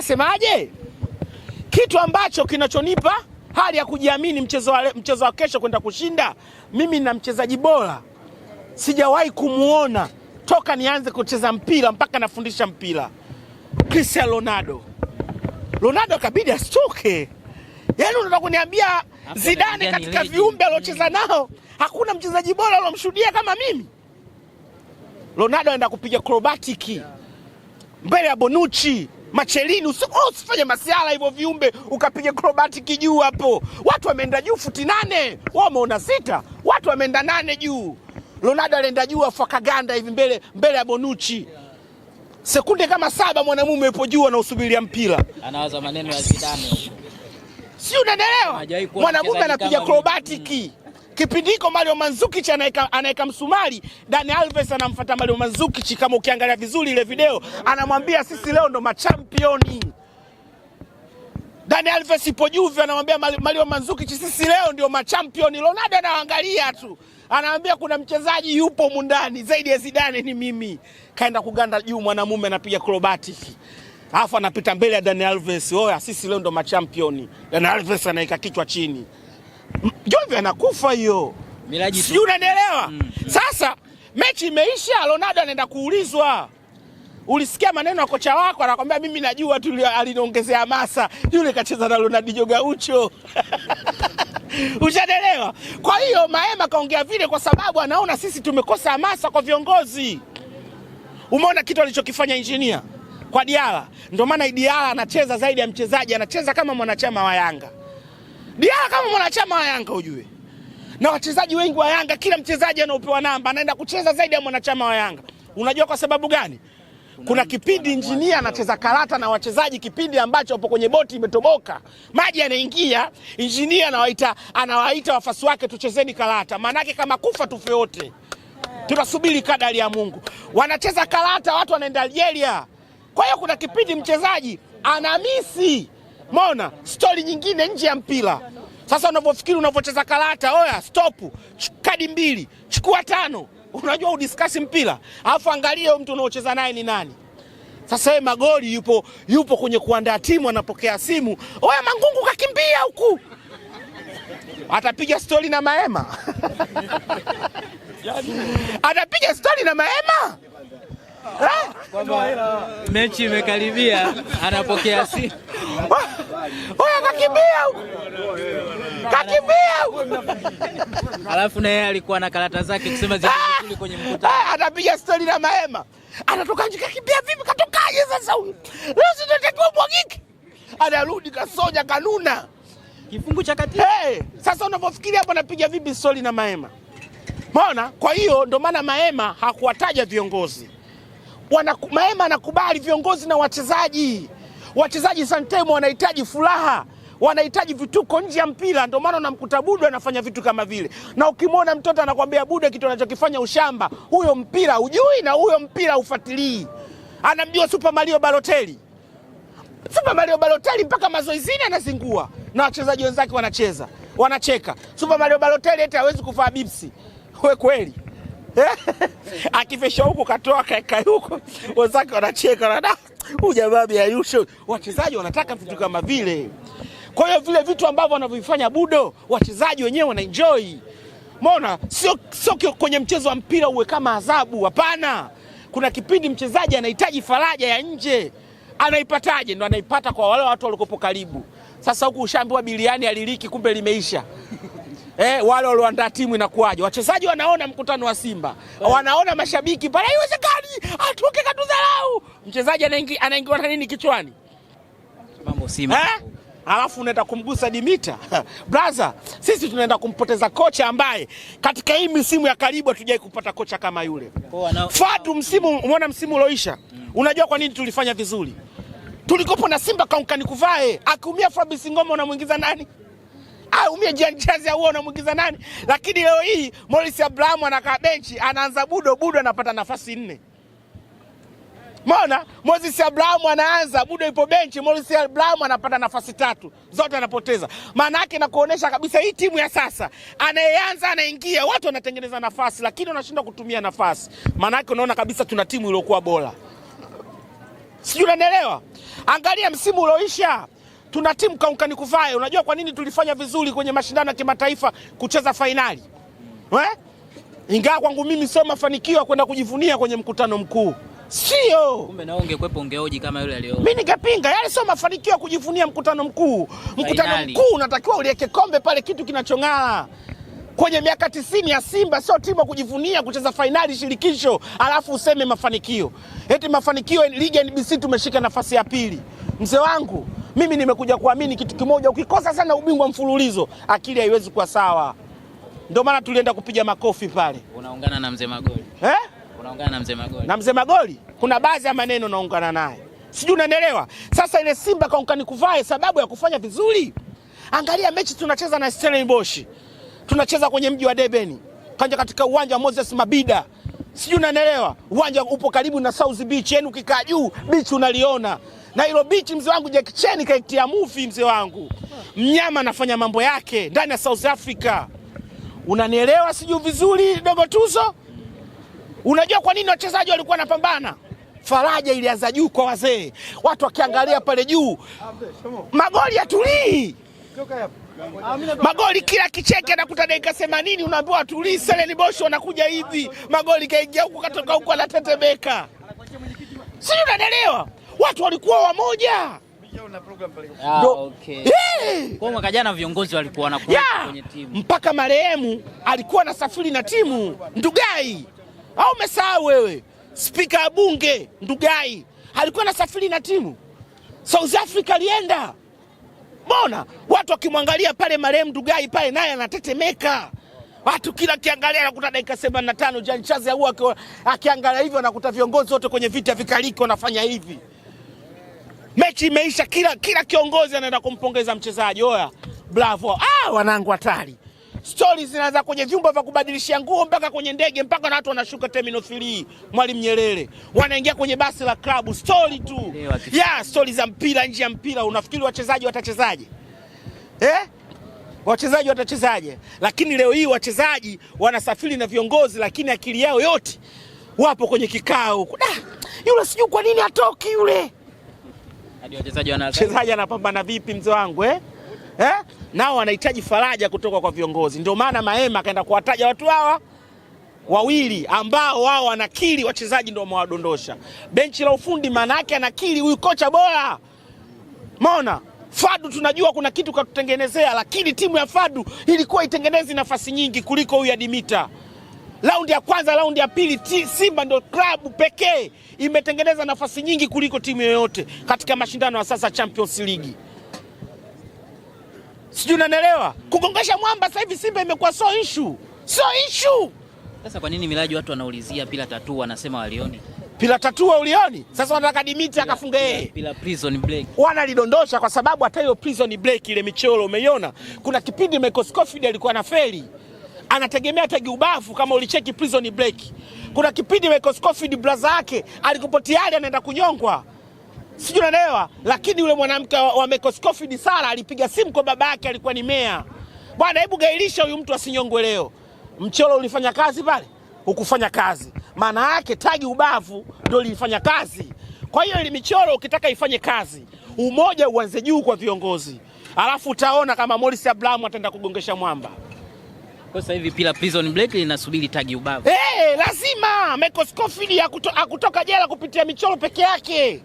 anasemaje? Kitu ambacho kinachonipa hali ya kujiamini mchezo wa, mchezo wa kesho kwenda kushinda, mimi na mchezaji bora sijawahi kumwona toka nianze kucheza mpira mpaka nafundisha mpira, Cristiano Ronaldo. Ronaldo kabidi asitoke. Yaani unataka kuniambia Zidane katika viumbe aliocheza nao hakuna mchezaji bora alomshuhudia kama mimi? Ronaldo anaenda kupiga krobatiki mbele ya Bonucci. Machelini oh, usifanye masiala hivyo viumbe, ukapiga krobatiki juu hapo. Watu wameenda juu futi nane, wao wameona sita, watu wameenda nane juu. Ronaldo alienda juu afakaganda hivi mbele mbele ya Bonucci sekunde kama saba, mwanamume yupo juu anausubiria mpira, anawaza maneno ya Zidane, si unanielewa? Mwanamume anapiga krobatiki Kipindi hiko Mario Mandzukic anaeka anaeka msumari, Dani Alves anamfuata Mario Mandzukic. Kama ukiangalia vizuri ile video, anamwambia sisi leo ndo machampioni. Dani Alves ipo Juve, anamwambia Mario Mandzukic sisi leo ndio machampioni. Ronaldo anaangalia tu, anaambia kuna mchezaji yupo mundani zaidi ya Zidane ni mimi. Kaenda kuganda juu, mwanamume anapiga acrobatic alafu anapita mbele ya Dani Alves, oya, sisi leo ndo machampioni. Dani Alves anaika kichwa chini. Jovi anakufa hiyo, sijui unanielewa? Mm, mm. Sasa mechi imeisha, Ronaldo anaenda kuulizwa Ulisikia maneno ya kocha wako, anakwambia mimi najua tu, aliniongezea masa yule, kacheza na Ronaldinho Gaucho ushanelewa. Kwa hiyo Maema kaongea vile kwa sababu anaona sisi tumekosa hamasa kwa viongozi. Umeona kitu alichokifanya injinia kwa Diala, ndio maana Diala anacheza zaidi ya mchezaji, anacheza kama mwanachama wa Yanga. Diara kama mwanachama wa Yanga ujue, na wachezaji wengi wa Yanga, kila mchezaji anaopewa namba anaenda kucheza zaidi ya mwanachama wa Yanga. Unajua kwa sababu gani? Kuna kipindi injinia anacheza karata na wachezaji, kipindi ambacho wapo kwenye boti imetoboka, maji yanaingia, injinia anawaita, anawaita wafasi wake, tuchezeni karata, maanake kama kufa tufe wote, tunasubiri kadari ya Mungu. Wanacheza karata, watu wanaenda Algeria. Kwa hiyo kuna kipindi mchezaji anamisi Mona, stori nyingine nje ya mpira. Sasa unavyofikiri unavyocheza karata, oya stop, kadi mbili, chukua tano, unajua udiskasi mpira, alafu angalia mtu unaocheza naye ni nani. Sasa yeye magoli yupo, yupo kwenye kuandaa timu, anapokea simu, oya Mangungu kakimbia huku, atapiga stori na Maema atapiga stori na Maema mechi imekaribia, anapokea simu. Huyo kakimbia kakimbia, alafu na yeye alikuwa na karata zake kusema zikuli ah! kwenye mkutano, ah, anapiga stori na Mahema, anatoka nje. Kakimbia vipi? Katokaje sasa huyu? Leo sitakiwa mwagiki, anarudi kasoja kanuna kifungu cha kati. Hey, sasa unapofikiri hapo anapiga vipi stori na Mahema? Mbona? Kwa hiyo ndo maana Mahema hakuwataja viongozi wanaku, Maema anakubali viongozi na wachezaji. Wachezaji Santemo wanahitaji furaha, wanahitaji vituko nje ya mpira. Ndio maana unamkuta Buda anafanya vitu kama vile, na ukimwona mtoto anakwambia Buda kitu anachokifanya ushamba, huyo mpira ujui na huyo mpira ufuatilii. Anaambiwa Super Mario Balotelli, Super Mario Balotelli mpaka mazoezini anazingua na wachezaji wenzake wanacheza wanacheka. Super Mario Balotelli eti hawezi kufaa bipsi. kweli? akifisha huku katoa kaikai huko, wenzake wanacheka na huyu jamaa ayusho. Wachezaji wanataka vitu kama vile, kwa hiyo vile vitu ambavyo wanavyofanya Budo, wachezaji wenyewe wanaenjoy. Mona sio sio kwenye mchezo wa mpira uwe kama adhabu, hapana. Kuna kipindi mchezaji anahitaji faraja ya nje, anaipataje? Ndo anaipata kwa wale watu walikopo karibu. Sasa huku ushaambiwa biliani aliliki, kumbe limeisha eh, wale walioandaa timu inakuwaje? Wachezaji wanaona mkutano wa Simba yeah. Wanaona mashabiki pale, haiwezekani atuke katudharau. Mchezaji anaingia anaingia na nini kichwani? Mambo Simba eh? Alafu unaenda kumgusa Dimita brother, sisi tunaenda kumpoteza kocha ambaye katika hii misimu ya karibu hatujai kupata kocha kama yule Fadu, Msimu umeona msimu ulioisha, mm. unajua kwa nini tulifanya vizuri? Tulikopo na Simba kaunkanikuvaa, akiumia Fabrice Ngoma unamwingiza nani? aumie ah, jianjazi au unamwingiza nani? Lakini leo hii Morris Abraham anakaa benchi, anaanza budo budo, anapata nafasi nne. Maona Moses Abraham anaanza budo, ipo benchi, Morris Abraham anapata nafasi tatu, zote anapoteza. Maana yake na kuonesha kabisa hii timu ya sasa, anayeanza anaingia, watu wanatengeneza nafasi, lakini wanashindwa kutumia nafasi. Maana yake unaona kabisa tuna timu iliyokuwa bora, sijui unanielewa? Angalia msimu ulioisha tuna timu kaunkani kuvae. Unajua kwa nini tulifanya vizuri kwenye mashindano ya kimataifa kucheza fainali we? Eh? Ingawa kwangu mimi sio mafanikio ya kwenda kujivunia kwenye mkutano mkuu, sio kumbe. Na ungekwepo ungeoji kama yule aliyo. mimi ningepinga. Yale sio mafanikio ya kujivunia mkutano mkuu. Mkutano mkuu unatakiwa uliweke kombe pale, kitu kinachong'aa kwenye miaka tisini ya Simba sio timu ya kujivunia kucheza fainali shirikisho, alafu useme mafanikio eti mafanikio. Ligi NBC tumeshika nafasi ya pili, mzee wangu. Mimi nimekuja kuamini kitu kimoja, ukikosa sana ubingwa mfululizo akili haiwezi kuwa sawa. Ndio maana tulienda kupiga makofi pale. Unaungana na mzee Magoli eh? Unaungana na mzee Magoli na mzee Magoli, kuna baadhi ya maneno naungana naye, sijui unanielewa. Sasa ile Simba kaukani kuvae sababu ya kufanya vizuri. Angalia mechi tunacheza na Stellenbosch, tunacheza kwenye mji wa Debeni kanja katika uwanja wa Moses Mabida, sijui unanielewa. Uwanja upo karibu na South Beach, yani ukikaa juu beach unaliona Nairobi, mzee wangu, Jackie Chan kaitia movie mzee wangu, mnyama anafanya mambo yake ndani ya South Africa. Unanielewa sijui vizuri, dogo Tuzo? Unajua kwa nini wachezaji walikuwa wanapambana? Faraja ilianza juu kwa wazee, watu wakiangalia pale juu, magoli yatulii magoli kila kicheke anakuta dakika themanini, unaambiwa atulii. Seleni Bosho anakuja hivi magoli kaingia huku katoka huku, anatetemeka, sijui unanielewa watu walikuwa wamoja. Ah, okay. Kwa mwaka jana viongozi walikuwa wanakuwa kwenye timu. Mpaka marehemu alikuwa anasafiri na timu Ndugai, au umesahau wewe? Spika wa bunge Ndugai alikuwa anasafiri na timu South Africa, alienda mbona watu wakimwangalia pale marehemu Ndugai pale, naye anatetemeka watu kila kiangalia anakuta dakika themanini na tano Jan au akiangalia hivyo anakuta viongozi wote kwenye vita vikaliki wanafanya hivi mechi imeisha, kila kila kiongozi anaenda kumpongeza mchezaji, oya bravo. Ah, wanangu hatari Stori zinaanza kwenye vyumba vya kubadilishia nguo mpaka kwenye ndege mpaka na watu wanashuka terminal 3 Mwalimu Nyerere, wanaingia kwenye basi la klabu. Stori tu ya yeah, stori za mpira, nje ya mpira. Unafikiri wachezaji watachezaje eh? Wachezaji watachezaje? Lakini leo hii wachezaji wanasafiri na viongozi, lakini akili yao yote wapo kwenye kikao. Yule sijui kwa nini atoki yule hadi wachezaji anapambana vipi mzee wangu eh? Eh? Nao wanahitaji faraja kutoka kwa viongozi. Ndio maana Maema akaenda kuwataja watu hawa wawili ambao wao wanakili wachezaji ndio wamewadondosha. Benchi la ufundi maana yake anakili huyu kocha bora. Mona Fadu, tunajua kuna kitu katutengenezea, lakini timu ya Fadu ilikuwa itengenezi nafasi nyingi kuliko huyu ya Dimita. Raundi ya kwanza, raundi ya pili, Simba ndio klabu pekee imetengeneza nafasi nyingi kuliko timu yoyote katika mashindano ya sasa Champions League. Sijui unanielewa? Kugongesha mwamba sasa hivi Simba imekuwa so issue. So issue. Sasa kwa nini Milaji watu wanaulizia pila tatu wanasema walioni? Pila tatua ulioni? Sasa wanataka Dimiti akafunga yeye. Pila prison break. Wanalidondosha kwa sababu hata hiyo prison break ile michoro umeiona. Kuna kipindi Michael Scofield alikuwa na feli anategemea tagi ubavu. Kama ulicheki Prison Break, kuna kipindi Michael Scofield brother yake alikuwa tayari anaenda kunyongwa, sijui unaelewa, lakini yule mwanamke wa Michael Scofield Sara alipiga simu kwa baba yake, alikuwa ni meya, bwana, hebu gailisha huyu mtu asinyongwe leo. Mchoro ulifanya kazi pale? Ukufanya kazi. Maana yake tagi ubavu ndio lilifanya kazi. Kwa hiyo ile michoro ukitaka ifanye kazi, umoja uanze juu kwa viongozi, alafu utaona kama Morris Abraham ataenda kugongesha mwamba. Kwa sasa hivi pila prison break linasubiri tagi ubavu. Eh, hey, lazima Michael Scofield akuto, akutoka jela kupitia michoro peke yake.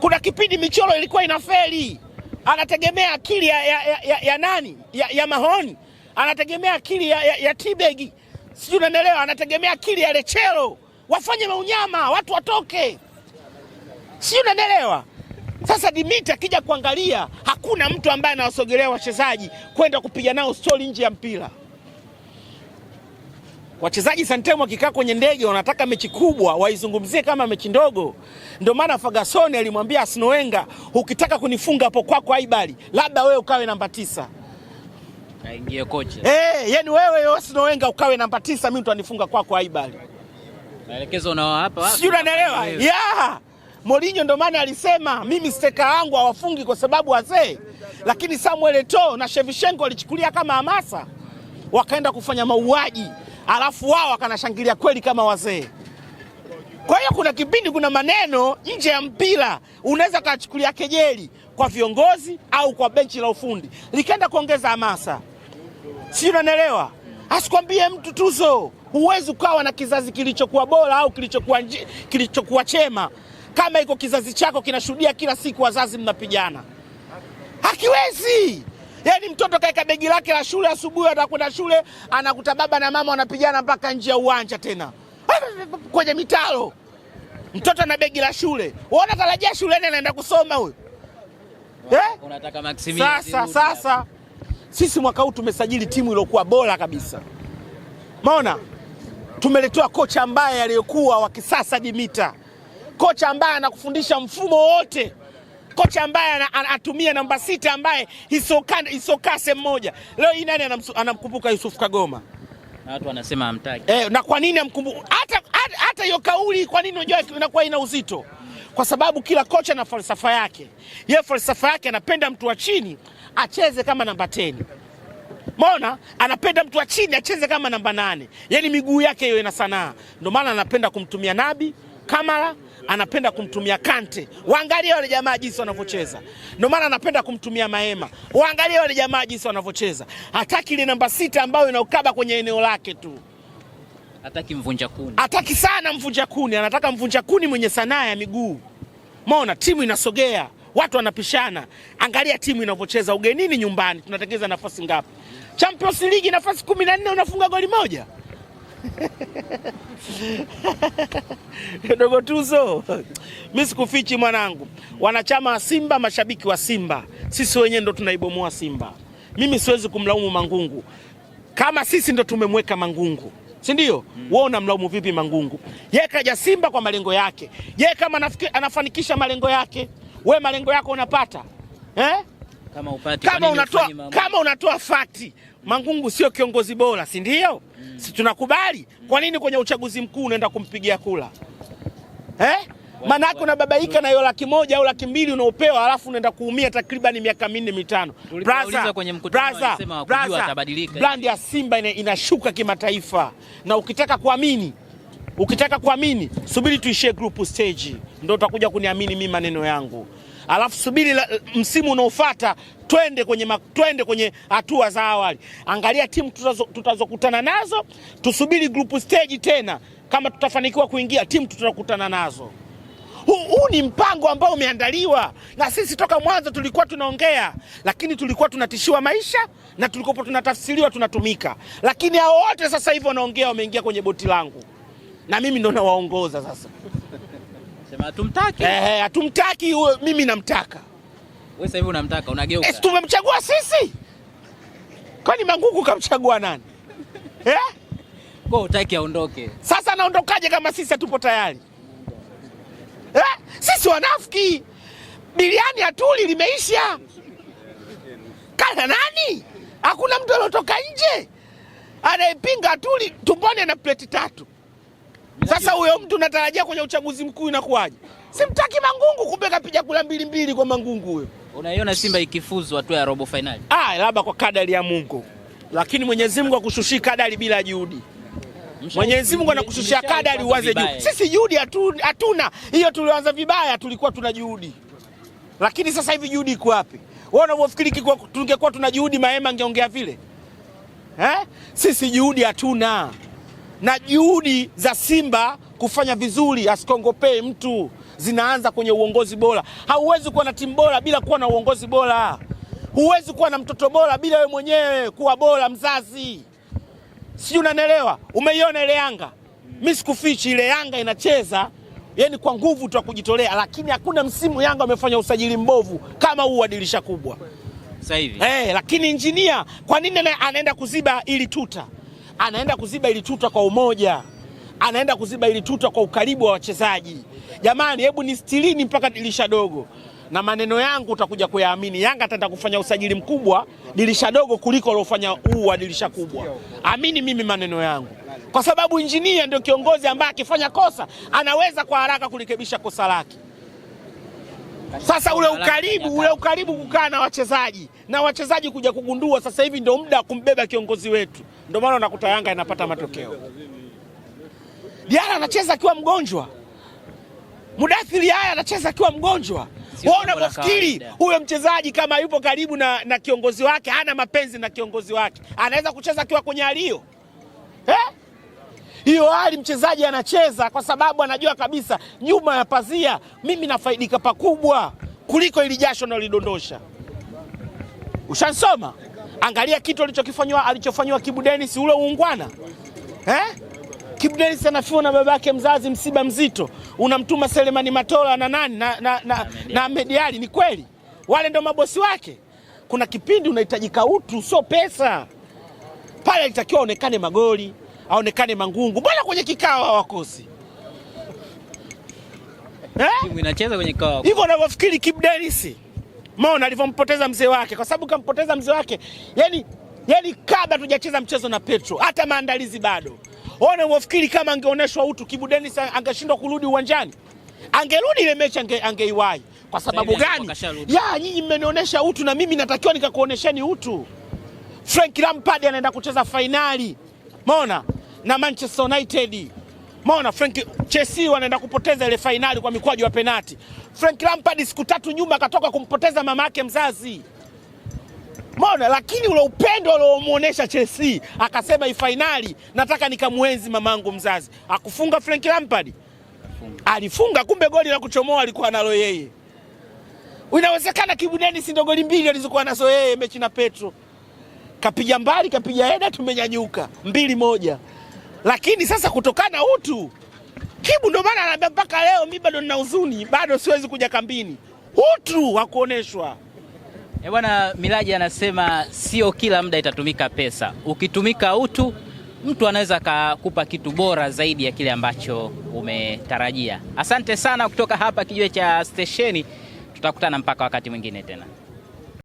Kuna kipindi michoro ilikuwa inafeli, anategemea akili ya, ya, ya, ya nani ya, ya Mahoni, anategemea akili ya, ya, ya Tibegi, sijui unaelewa, anategemea akili ya Lechero. Wafanye maunyama watu watoke, sijui unaelewa. Sasa Dimita akija kuangalia, hakuna mtu ambaye anawasogelea wachezaji kwenda kupiga nao stori nje ya mpira. Wachezaji Santem wakikaa kwenye ndege wanataka mechi kubwa waizungumzie kama mechi ndogo. Ndio maana Fagasoni alimwambia Arsene Wenger, ukitaka kunifunga hapo kwako kwa haibali, labda wewe ukawe namba tisa aingie kocha eh, yani wewe Arsene Wenger ukawe namba tisa, mimi tutanifunga kwako kwa haibali. Maelekezo unaowapa sijui, unaelewa. Yeah. Mourinho ndo maana alisema mimi steka wangu hawafungi kwa sababu wazee, lakini Samuel Eto'o na Shevchenko walichukulia kama hamasa, wakaenda kufanya mauaji alafu wao wakanashangilia kweli kama wazee. Kwa hiyo kuna kipindi, kuna maneno nje ya mpira unaweza kachukulia kejeli kwa viongozi au kwa benchi la ufundi, likaenda kuongeza hamasa, si unanielewa? Asikwambie mtu tuzo, huwezi ukawa na kizazi kilichokuwa bora au kilichokuwa kilichokuwa chema kama iko kizazi chako kinashuhudia kila siku wazazi mnapigana, hakiwezi yani mtoto kaeka begi lake la shule, asubuhi atakwenda shule, anakuta baba na mama wanapigana mpaka nje ya uwanja, tena kwenye mitaro. Mtoto ana begi la shule, wana tarajia shuleni anaenda kusoma huyo eh? Unataka sasa, sasa sisi mwaka huu tumesajili timu iliyokuwa bora kabisa, maona tumeletewa kocha ambaye aliyekuwa wa kisasa Dimita, kocha ambaye anakufundisha mfumo wote kocha ambaye anatumia namba sita ambaye isokaa sehemu moja. Leo hii nani anamkumbuka Yusuf Kagoma? Na watu wanasema hamtaki. Eh, na kwa nini amkumbuka? Hata hiyo kauli kwa nini unajua inakuwa ina uzito? Kwa sababu kila kocha na falsafa yake. Ye falsafa yake anapenda mtu wa chini acheze kama namba 10. Mona anapenda mtu wa chini acheze kama namba nane, yaani miguu yake hiyo ina sanaa, ndio maana anapenda kumtumia Nabi Kamara anapenda kumtumia Kante, waangalie wale jamaa jinsi wanavyocheza. Ndio maana anapenda kumtumia maema waangalie wale jamaa jinsi wanavyocheza. Hataki ile namba sita ambayo inaukaba kwenye eneo lake tu, hataki mvunja kuni, hataki sana mvunja kuni, anataka mvunja kuni mwenye sanaa ya miguu. Maona timu inasogea, watu wanapishana, angalia timu inavyocheza ugenini, nyumbani tunatengeneza nafasi ngapi? Champions League nafasi kumi na nne unafunga goli moja. Dogo Tuzo, mi sikufichi mwanangu, wanachama wa Simba, mashabiki wa Simba, sisi wenyewe ndo tunaibomoa Simba. Mimi siwezi kumlaumu Mangungu kama sisi ndo tumemweka Mangungu, si ndio? Hmm. Wewe unamlaumu vipi Mangungu? Yeye kaja Simba kwa malengo yake, yeye kama anafanikisha malengo yake, we malengo yako unapata eh? Kama, upati, kama unatoa, kama unatoa fati Mangungu sio kiongozi bora, si ndio? Mm. Si tunakubali? Kwa nini kwenye uchaguzi mkuu unaenda kumpigia kula eh? Maana yake unababaika na hiyo laki moja au laki mbili unaopewa, alafu unaenda kuumia takribani miaka minne mitano. Brandi ya Simba inashuka kimataifa, na ukitaka kuamini, ukitaka kuamini, subiri tuishie group stage, ndio utakuja kuniamini mimi maneno yangu alafu subiri msimu unaofuata twende kwenye twende kwenye hatua za awali. Angalia timu tutazokutana tutazo nazo, tusubiri group stage tena, kama tutafanikiwa kuingia timu tutakutana nazo. Huu ni mpango ambao umeandaliwa na sisi toka mwanzo, tulikuwa tunaongea, lakini tulikuwa tunatishiwa maisha na tulikuwa tunatafsiriwa tunatumika, lakini hao wote sasa hivi wanaongea, wameingia kwenye boti langu na mimi ndo nawaongoza sasa. Sema hatumtaki. Eh, hatumtaki mimi namtaka. Wewe sasa hivi unamtaka unageuka. Eh, tumemchagua sisi. Kwani Mangungu kamchagua nani? Eh? Kwa utaki aondoke. Sasa anaondokaje kama sisi hatupo tayari? Eh? Sisi wanafiki. Biliani hatuli limeisha. Kana nani? Hakuna mtu aliotoka nje. Anayepinga atuli tumbone na pleti tatu. Sasa huyo mtu natarajia kwenye uchaguzi mkuu inakuwaje? Simtaki Mangungu, kumbe kapiga kula mbili mbili kwa Mangungu huyo. Unaiona Simba ikifuzu hatua ya robo finali? Ah, labda kwa kadari ya Mungu, lakini Mwenyezi Mungu akushushia kadari bila juhudi. Mwenyezi Mungu anakushushia kadari uanze juu. Sisi juhudi hatuna, hiyo tulianza vibaya, tulikuwa tuna juhudi, lakini sasa hivi juhudi iko wapi? Wewe unavyofikiri tungekuwa tuna juhudi, Mahema angeongea vile eh? Sisi juhudi hatuna na juhudi za Simba kufanya vizuri, asikongopee mtu, zinaanza kwenye uongozi bora. Hauwezi kuwa na timu bora bila kuwa na uongozi bora. Huwezi kuwa na mtoto bora bila wewe mwenyewe kuwa bora mzazi, sijui unanielewa? Umeiona ile Yanga, mi sikufichi, ile Yanga inacheza yani kwa nguvu tu kujitolea, lakini hakuna msimu Yanga amefanya usajili mbovu kama huu wa dirisha kubwa sasa hivi. Hey, eh, lakini injinia kwa nini anaenda kuziba ili tuta anaenda kuziba ili tuta kwa umoja, anaenda kuziba ili tuta kwa ukaribu wa wachezaji. Jamani, hebu ni stilini mpaka dirisha dogo, na maneno yangu utakuja kuyaamini. Yanga ataenda kufanya usajili mkubwa dirisha dogo kuliko aliofanya huu wa dirisha kubwa. Amini mimi maneno yangu, kwa sababu injinia ndio kiongozi ambaye akifanya kosa anaweza kwa haraka kurekebisha kosa lake. Sasa ule ukaribu, ule ukaribu kukaa na wachezaji na wachezaji kuja kugundua sasa hivi ndio muda wa kumbeba kiongozi wetu, ndio maana unakuta Yanga inapata matokeo. Diara anacheza akiwa mgonjwa, Mudathiri haya anacheza akiwa mgonjwa. Wewe unapofikiri huyo mchezaji kama yupo karibu na, na kiongozi wake, hana mapenzi na kiongozi wake, anaweza kucheza akiwa kwenye alio eh? hiyo hali mchezaji anacheza kwa sababu anajua kabisa nyuma ya pazia mimi nafaidika pakubwa kuliko ili jasho nalidondosha. Ushansoma, angalia kitu alichokifanywa alichofanywa Kibu ule uungwana eh? Kibu Dennis anafiwa na baba yake mzazi, msiba mzito, unamtuma Selemani Matola na nani na, na, na, na na mediali. Ni kweli wale ndo mabosi wake. Kuna kipindi unahitajika utu, sio pesa. Pale alitakiwa aonekane magoli aonekane mangungu, mbona kwenye kikao hawakosi eh? timu inacheza kwenye kikao hivyo unavyofikiri. Kibu Denis maona alivyompoteza mzee wake, kwa sababu kampoteza mzee wake Yaani yaani kabla tujacheza mchezo na Petro, hata maandalizi bado. Ona unavyofikiri kama angeoneshwa utu Kibu Denis angeshindwa kurudi uwanjani, angerudi ile mechi ange, angeiwahi kwa sababu gani? Ya nyinyi mmenionyesha utu na mimi natakiwa nikakuonesheni utu. Frank Lampard anaenda kucheza fainali mona na Manchester United. mona Frank Chelsea wanaenda kupoteza ile fainali kwa mikwaju ya penati. Frank Lampard siku tatu nyuma akatoka kumpoteza mama yake mzazi. mona lakini ule upendo aliomuonesha Chelsea akasema hii fainali nataka nikamwenzi mamangu mzazi. Akufunga Frank Lampard. Alifunga kumbe goli la kuchomoa alikuwa nalo yeye. Inawezekana Kibu Denis ndo goli mbili alizokuwa nazo yeye mechi na Petro kapiga mbali, kapiga heda, tumenyanyuka mbili moja. Lakini sasa kutokana utu Kibu, ndo maana anaambia mpaka leo mi bado nina huzuni, bado siwezi kuja kambini, utu wa kuoneshwa. E bwana, Miraji anasema sio kila muda itatumika pesa. Ukitumika utu, mtu anaweza akakupa kitu bora zaidi ya kile ambacho umetarajia. Asante sana kutoka hapa kijiwe cha stesheni, tutakutana mpaka wakati mwingine tena.